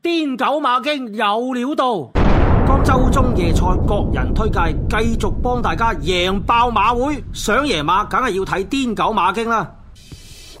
癲狗馬經有料到，廣州中夜賽各人推介，繼續幫大家贏爆馬會。上夜馬梗係要睇癲狗馬經啦！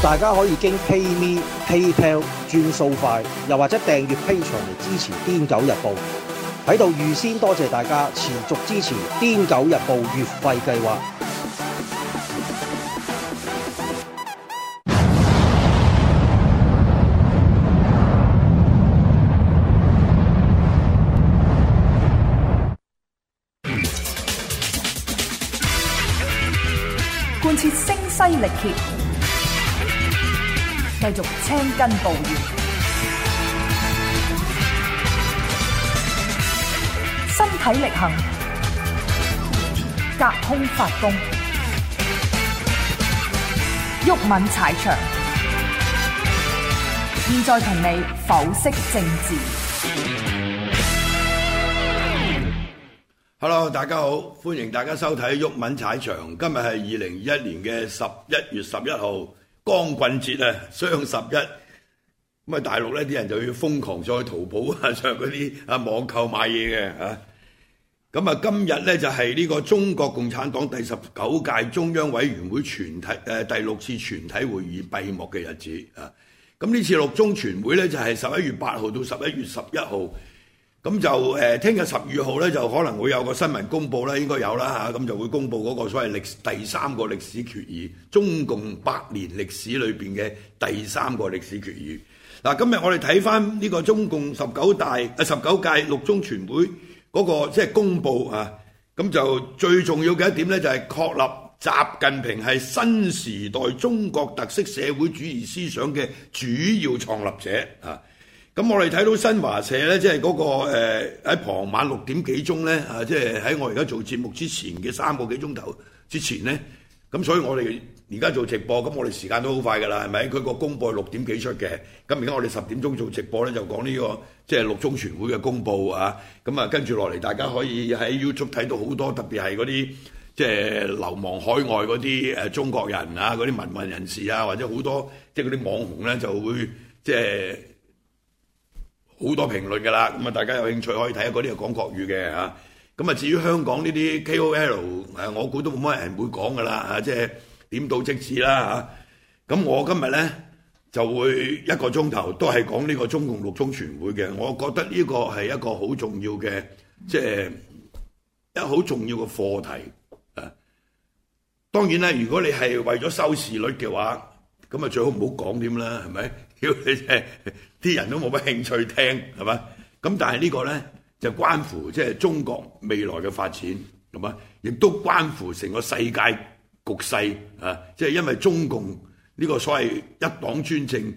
大家可以經 pay me pay p a l l 轉數快，又或者訂閱 pay 嚟支持癲狗日報。喺度預先多謝大家持續支持癲狗日報月費計劃。貫徹聲嘶力竭，繼續青筋暴現，身體力行，隔空發功，毓民踩場。現在同你剖析政治。hello，大家好，歡迎大家收睇《毓民踩場》。今日係二零二一年嘅十一月十一號，光棍節啊，雙十一。咁啊，大陸呢啲人就要瘋狂再淘寶啊，上嗰啲啊網購買嘢嘅吓。咁啊，今日呢就係呢個中國共產黨第十九屆中央委員會全體誒第六次全體會議閉幕嘅日子啊。咁呢次六中全會呢，就係十一月八號到十一月十一號。咁就誒，聽日十二號咧，就可能會有個新聞公佈啦，應該有啦嚇，咁就會公佈嗰個所謂第三個歷史決議，中共百年歷史裏邊嘅第三個歷史決議。嗱，今日我哋睇翻呢個中共十九大啊十九屆六中全會嗰個即係公佈啊，咁就最重要嘅一點咧，就係確立習近平係新時代中國特色社會主義思想嘅主要創立者啊。咁我哋睇到新華社呢，即係嗰個誒喺傍晚六點幾鐘呢，啊，即係喺我而家做節目之前嘅三個幾鐘頭之前呢。咁所以我哋而家做直播，咁我哋時間都好快㗎啦，係咪？佢個公佈係六點幾出嘅，咁而家我哋十點鐘做直播呢，就講呢個即係六中全會嘅公佈啊，咁啊跟住落嚟，大家可以喺 YouTube 睇到好多，特別係嗰啲即係流亡海外嗰啲誒中國人啊，嗰啲民運人士啊，或者好多即係嗰啲網紅呢，就會即係。好多評論㗎啦，咁啊大家有興趣可以睇下嗰啲係講國語嘅嚇。咁啊至於香港呢啲 KOL，誒我估都冇乜人會講㗎啦嚇，即係點到即止啦嚇。咁我今日咧就會一個鐘頭都係講呢個中共六中全會嘅，我覺得呢個係一個好重要嘅，即係一好重要嘅課題啊。當然啦，如果你係為咗收視率嘅話，咁啊最好唔好講點啦，係咪？啲人都冇乜興趣聽，係嘛？咁但係呢個呢就關乎即係中國未來嘅發展，係嘛？亦都關乎成個世界局勢啊！即係因為中共呢個所謂一黨專政，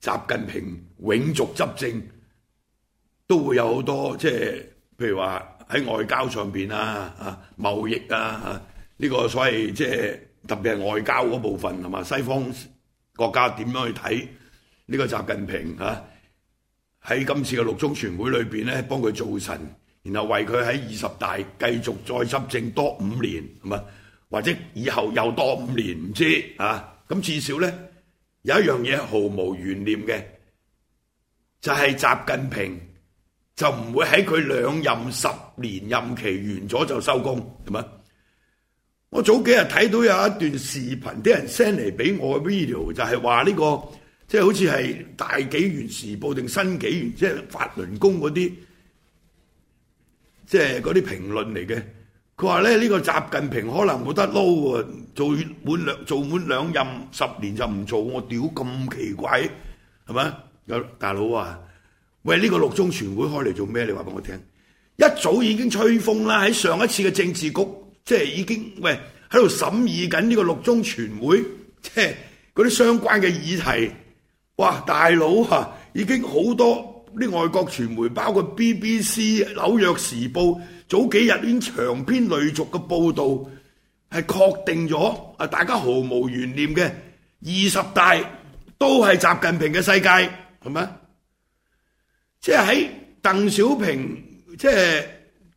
習近平永續執政，都會有好多即係譬如話喺外交上邊啊啊貿易啊呢個所謂即係特別係外交嗰部分係嘛？西方國家點樣去睇？呢、這個習近平嚇喺今次嘅六中全會裏邊咧，幫佢做神，然後為佢喺二十大繼續再執政多五年，係嘛？或者以後又多五年唔知嚇。咁、啊、至少咧有一樣嘢毫無懸念嘅，就係、是、習近平就唔會喺佢兩任十年任期完咗就收工，係嘛？我早幾日睇到有一段視頻，啲人 send 嚟俾我嘅 video，就係話呢個。即係好似係大紀元時報定新紀元，即係法輪功嗰啲，即係嗰啲評論嚟嘅。佢話咧呢個習近平可能冇得撈喎，做滿兩做滿兩任十年就唔做，我屌，咁奇怪，係咪有大佬啊？喂，呢個六中全會開嚟做咩？你話俾我聽。一早已經吹風啦，喺上一次嘅政治局，即係已經喂喺度審議緊呢個六中全會，即係嗰啲相關嘅議題。哇！大佬嚇，已經好多啲外國傳媒，包括 BBC、紐約時報，早幾日已經長篇累續嘅報導，係確定咗啊！大家毫無懸念嘅二十大都係習近平嘅世界，係咪啊？即係喺鄧小平即係、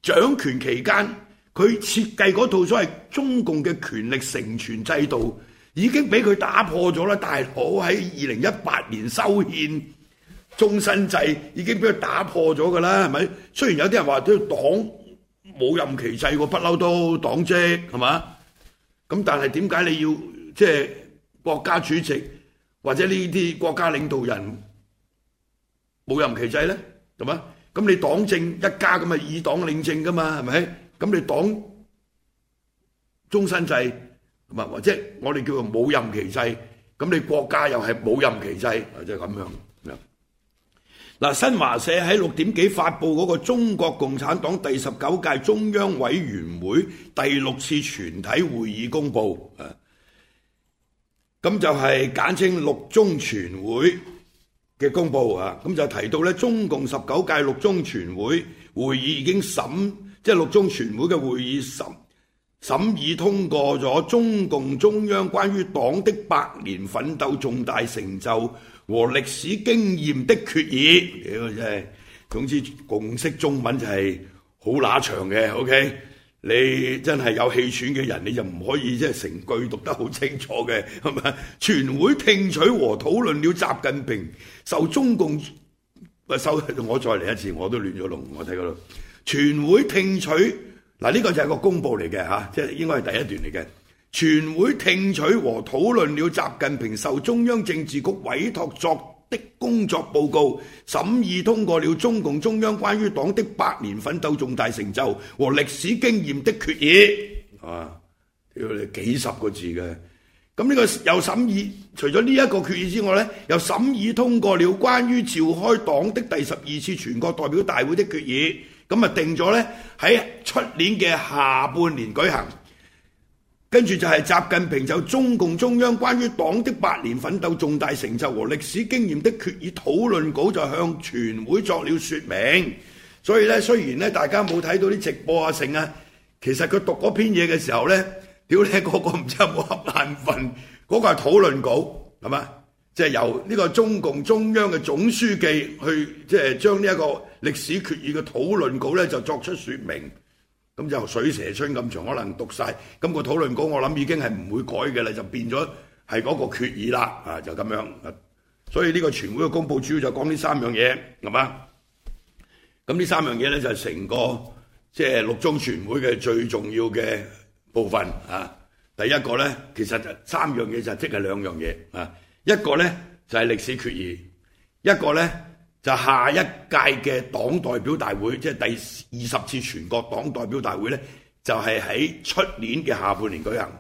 就是、掌權期間，佢設計嗰套所謂中共嘅權力承傳制度。已經俾佢打破咗啦，大佬喺二零一八年修憲，終身制已經俾佢打破咗噶啦，係咪？雖然有啲人話都黨冇任期制喎，不嬲都黨職係嘛？咁但係點解你要即係國家主席或者呢啲國家領導人冇任期制咧？係嘛？咁你黨政一家咁咪以黨領政㗎嘛？係咪？咁你黨終身制？唔或者我哋叫做冇任期制，咁你國家又係冇任期制，或者咁樣。嗱，新華社喺六點幾發佈嗰個中國共產黨第十九屆中央委員會第六次全體會議公佈，咁就係簡稱六中全會嘅公佈啊。咁就提到呢，中共十九屆六中全會會議已經審，即係六中全會嘅會議審。審議通過咗中共中央關於黨的百年奮鬥重大成就和歷史經驗的決議。真係，總之共識中文就係好乸長嘅。OK，你真係有氣喘嘅人你就唔可以即係成句讀得好清楚嘅。係咪？全會聽取和討論了習近平受中共，收我再嚟一次，我都亂咗龍。我睇嗰度，全會聽取。嗱，呢個就係個公佈嚟嘅嚇，即係應該係第一段嚟嘅。全會聽取和討論了習近平受中央政治局委託作的工作報告，審議通過了中共中央關於黨的百年奮鬥重大成就和歷史經驗的決議。啊，屌你幾十個字嘅。咁呢個又審議，除咗呢一個決議之外咧，又審議通過了關於召開黨的第十二次全國代表大會的決議。咁啊，定咗呢？喺出年嘅下半年舉行，跟住就係習近平就中共中央關於黨的百年奮鬥重大成就和歷史經驗的決議討論稿就向全會作了說明。所以呢，雖然咧大家冇睇到啲直播啊，成啊，其實佢讀嗰篇嘢嘅時候呢，屌、你個個唔知有冇瞌眼瞓，嗰個係討論稿係嘛。即係由呢個中共中央嘅總書記去，即係將呢一個歷史決議嘅討論稿咧，就作出說明。咁就水蛇春咁長，可能讀晒，咁個討論稿我諗已經係唔會改嘅啦，就變咗係嗰個決議啦。啊，就咁樣。所以呢個全會嘅公佈主要就講呢三樣嘢，係嘛？咁呢三樣嘢咧就係成個即係六中全會嘅最重要嘅部分啊。第一個咧，其實就三樣嘢就即係兩樣嘢啊。一個呢就係歷史決議，一個呢就下一屆嘅黨代表大會，即係第二十次全國黨代表大會呢就係喺出年嘅下半年舉行。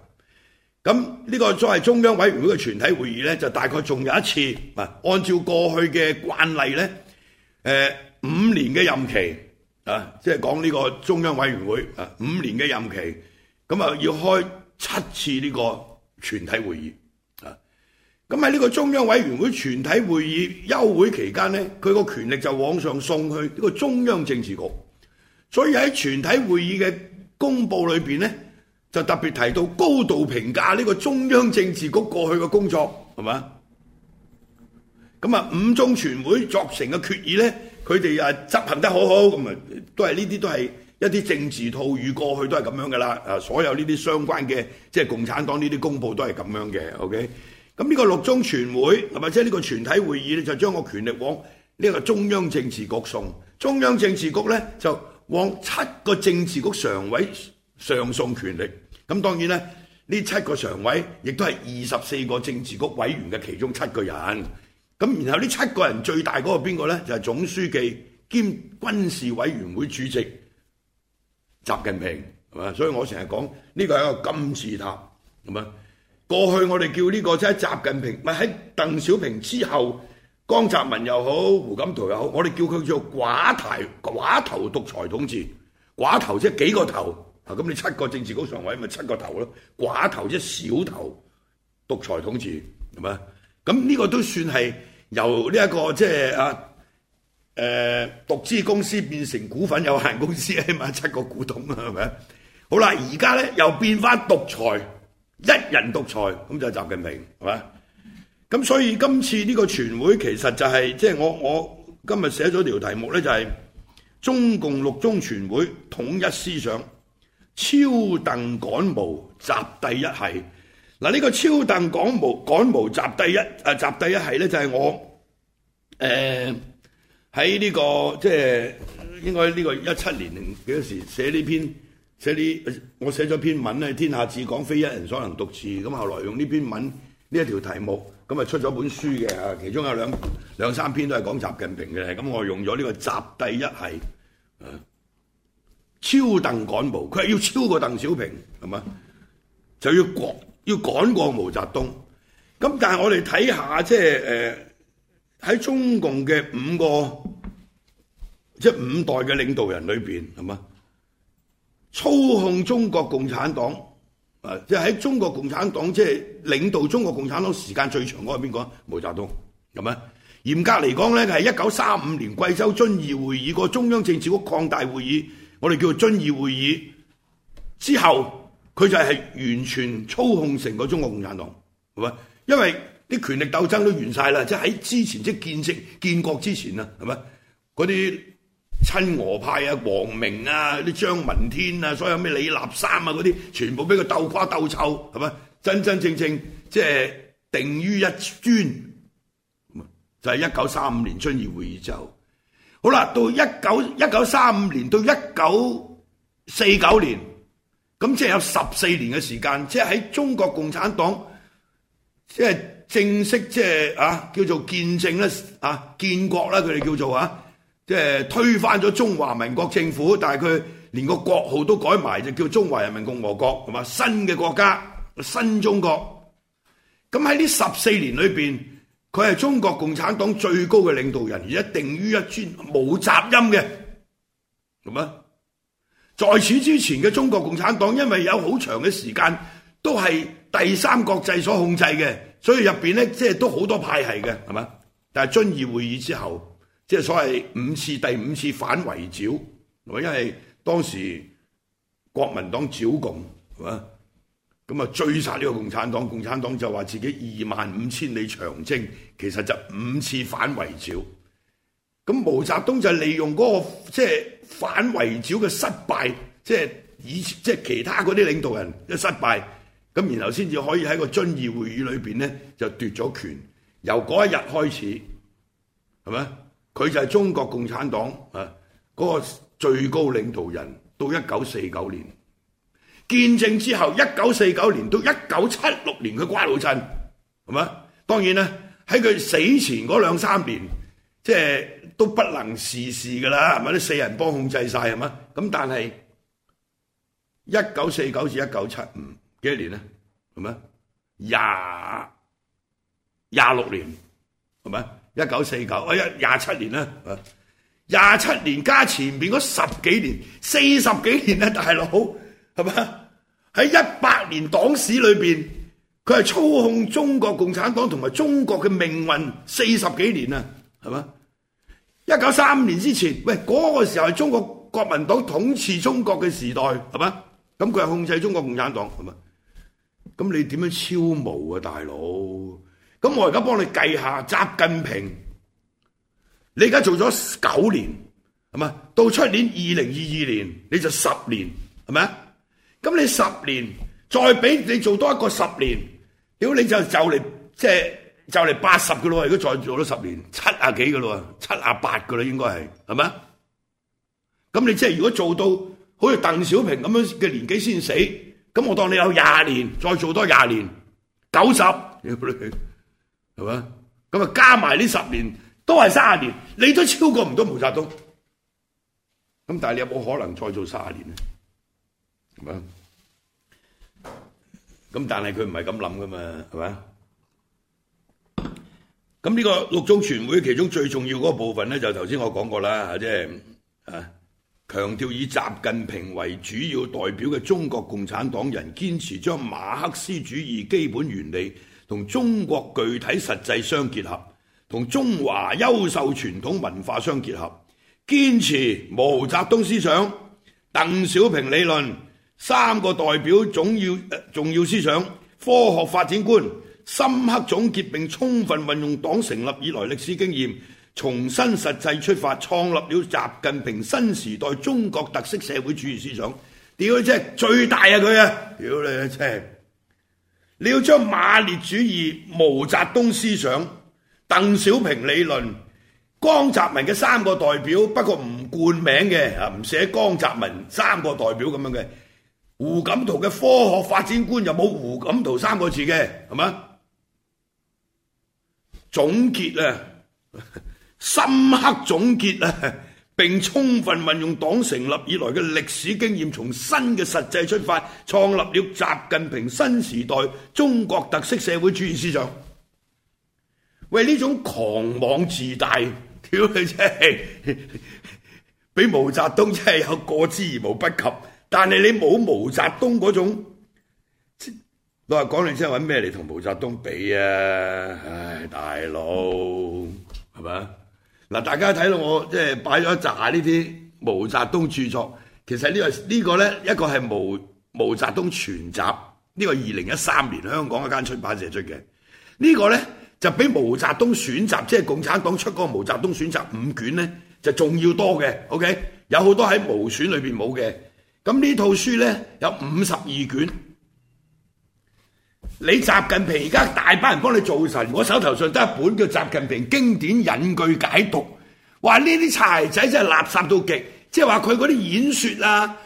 咁呢個作為中央委員會嘅全體會議呢，就大概仲有一次。按照過去嘅慣例呢，誒五年嘅任期啊，即係講呢個中央委員會啊，五年嘅任期，咁啊要開七次呢個全體會議。咁喺呢個中央委員會全體會議休會期間呢，佢個權力就往上送去呢個中央政治局，所以喺全體會議嘅公佈裏面呢，呢就特別提到高度評價呢個中央政治局過去嘅工作，係嘛？咁啊，五中全會作成嘅決議呢，佢哋啊執行得好好，咁啊都係呢啲都係一啲政治套語，過去都係咁樣噶啦。啊，所有呢啲相關嘅即係共產黨呢啲公佈都係咁樣嘅，OK。咁、這、呢個六中全會係咪即係呢個全體會議咧？就將個權力往呢個中央政治局送，中央政治局呢，就往七個政治局常委上送權力。咁當然呢，呢七個常委亦都係二十四個政治局委員嘅其中七,七個人。咁然後呢七個人最大嗰個邊個呢？就係、是、總書記兼軍事委員會主席習近平，係咪？所以我成日講呢個係一個金字塔咁樣。過去我哋叫呢個即係習近平，咪喺鄧小平之後，江澤民又好，胡錦濤又好，我哋叫佢做寡頭，寡頭獨裁統治，寡頭即係幾個頭，咁你七個政治局常委咪七個頭咯，寡頭即係小頭獨裁統治係咪？咁呢個都算係由呢一個即係啊誒獨資公司變成股份有限公司，起碼七個股東係咪？好啦，而家咧又變翻獨裁。一人獨裁，咁就係習近平，係嘛？咁所以今次呢個全會其實就係、是，即、就、係、是、我我今日寫咗條題目咧，就是，就係中共六中全會統一思想，超鄧趕毛，習帝一系。嗱，呢個超鄧趕毛趕毛習帝一啊習帝一系咧，呃這個，就係我誒喺呢個即係應該呢個一七年幾多時寫呢篇。寫啲我寫咗篇文咧，天下至廣非一人所能獨治。咁後來用呢篇文呢一條題目，咁啊出咗本書嘅啊。其中有兩兩三篇都係講習近平嘅。咁我用咗呢個習帝一系啊，超鄧趕毛。佢係要超過鄧小平，係嘛？就要趕要趕過毛澤東。咁但係我哋睇下，即係誒喺中共嘅五個即係五代嘅領導人裏邊，係嘛？操控中國共產黨，啊！即係喺中國共產黨即係領導中國共產黨時間最長嗰個係邊個？毛澤東咁啊！嚴格嚟講咧，係一九三五年貴州遵義會議個中央政治局擴大會議，我哋叫做「遵義會議」，之後，佢就係完全操控成個中國共產黨，係咪？因為啲權力鬥爭都完晒啦，即係喺之前即建設建國之前啊，係咪？嗰啲。親俄派啊，王明啊，啲張聞天啊，所有咩李立三啊嗰啲，全部俾佢鬥垮鬥臭，係咪？真真正正即係定於一尊，就係一九三五年遵義會議就。好啦，到一九一九三五年到一九四九年，咁即係有十四年嘅時間，即係喺中國共產黨，即係正式即係啊叫做建政咧啊建國啦，佢哋叫做啊。即係推翻咗中華民國政府，但係佢連個國號都改埋，就叫中華人民共和國，係嘛，新嘅國家，新中國。咁喺呢十四年裏邊，佢係中國共產黨最高嘅領導人，而且定於一尊冇雜音嘅，咁啊。在此之前嘅中國共產黨，因為有好長嘅時間都係第三國際所控制嘅，所以入邊呢，即係都好多派系嘅，係嘛。但係遵義會議之後。即係所謂五次第五次反圍剿，因為當時國民黨剿共，係嘛？咁啊，追殺呢個共產黨，共產黨就話自己二萬五千里長征，其實就五次反圍剿。咁毛澤東就利用嗰個即係反圍剿嘅失敗，即係以即係其他嗰啲領導人嘅失敗，咁然後先至可以喺個遵義會議裏邊呢，就奪咗權。由嗰一日開始，係咪？佢就係中國共產黨啊嗰個最高領導人，到一九四九年建政之後，一九四九年到一九七六年佢瓜老襯，係咪啊？當然啦，喺佢死前嗰兩三年，即係都不能視事㗎喇，係咪？啲四人幫控制曬，係咪？咁但係一九四九至一九七五幾多年呢？係咪廿廿六年？係咪？一九四九，我一廿七年啦，廿七年加前面嗰十幾年，四十幾年啦，大佬係嘛？喺一百年黨史裏邊，佢係操控中國共產黨同埋中國嘅命運四十幾年啊，係嘛？一九三五年之前，喂，嗰個時候係中國國民黨統治中國嘅時代，係嘛？咁佢係控制中國共產黨，係嘛？咁你點樣超毛啊，大佬？咁我而家幫你計下，習近平，你而家做咗九年，係嘛？到出年二零二二年你就十年，係咪啊？咁你十年再俾你做多一個十年，屌你就就嚟即係就嚟八十嘅咯喎！如果再做多十年，七啊幾嘅咯喎，七啊八嘅啦，應該係係咪啊？咁你即係如果做到好似鄧小平咁樣嘅年紀先死，咁我當你有廿年，再做多廿年，九十。係嘛？咁啊加埋呢十年都係卅年，你都超過唔到毛澤東。咁但係你有冇可能再做卅年咧？係嘛？咁但係佢唔係咁諗噶嘛？係嘛？咁呢個六中全會其中最重要嗰部分咧，就頭先我講過啦，即係啊，強調以習近平為主要代表嘅中國共產黨人，堅持將馬克思主義基本原理。同中國具體實際相結合，同中華優秀傳統文化相結合，堅持毛澤東思想、鄧小平理論、三個代表重要、呃、重要思想、科學發展觀，深刻總結並充分運用黨成立以來歷史經驗，重新實際出發，創立了習近平新時代中國特色社會主義思想。屌你真係最大啊佢啊，屌你真你要將馬列主義、毛澤東思想、鄧小平理論、江澤民嘅三個代表，不過唔冠名嘅啊，唔寫江澤民三個代表咁樣嘅。胡錦濤嘅科學發展觀有冇胡錦濤三個字嘅？係咪？總結啊，深刻總結啊！並充分運用黨成立以來的歷史經驗，從新的實際出發，創立了習近平新時代中國特色社會主義思想。喂，這種狂妄自大，屌你真係、就是， 比毛澤東真係有過之而無不及。但係你冇毛澤東嗰種，我話講你先，揾咩嚟同毛澤東比啊？唉，大佬，係嘛？嗱，大家睇到我即係擺咗一集呢啲毛澤東著作。其實呢個呢個一個係毛毛澤東全集，呢個二零一三年香港一間出版社出嘅。呢個呢，就比毛澤東選集，即係共產黨出嗰個毛澤東選集五卷呢，就仲要多嘅。OK，有好多喺毛選裏邊冇嘅。咁呢套書呢，有五十二卷。你習近平而家大班人幫你做神，我手頭上得一本叫《習近平經典引據解讀》，話呢啲柴仔真係垃圾到極，即係話佢嗰啲演說啊，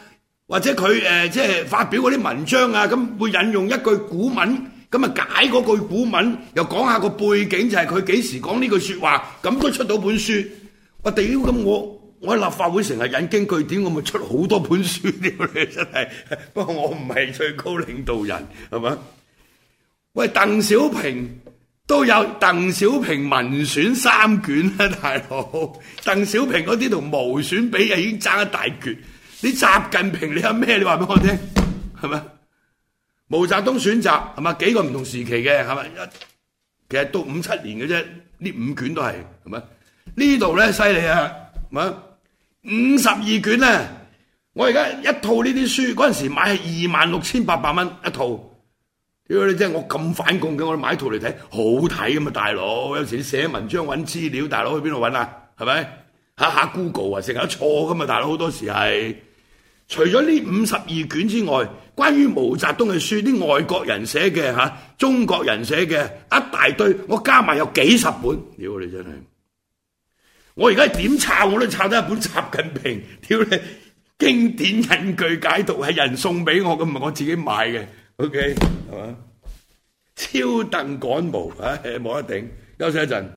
或者佢誒、呃、即係發表嗰啲文章啊，咁會引用一句古文，咁啊解嗰句古文，又講下個背景就係佢幾時講呢句說話，咁都出到本書。我屌，咁我我喺立法會成日引經據典，我咪出好多本書你真係。不過我唔係最高領導人，係嘛？喂，鄧小平都有鄧小平文選三卷啊，大佬！鄧小平嗰啲同毛選比，已經爭一大橛。你習近平你有咩？你話俾我聽，係咪？毛澤東選擇係咪幾個唔同時期嘅係咪？其實都五七年嘅啫，呢五卷都係係咪？呢度呢，犀利啊，係咪？五十二卷呢，我而家一套呢啲書，嗰陣時候買係二萬六千八百蚊一套。如果你真係我咁反共嘅，我哋買套嚟睇，好睇㗎嘛，大佬！有時你寫文章搵資料，大佬去邊度搵啊？係咪？下下 Google 啊，成日都錯噶嘛，大佬好多時係。除咗呢五十二卷之外，關於毛澤東嘅書，啲外國人寫嘅吓，中國人寫嘅一大堆，我加埋有幾十本。屌你真係！我而家點抄我都抄得一本習近平，屌你經典引據解讀，係人送俾我㗎，唔係我自己買嘅。O.K. 係嘛？超鄧趕毛，唉，冇得頂，休息一陣。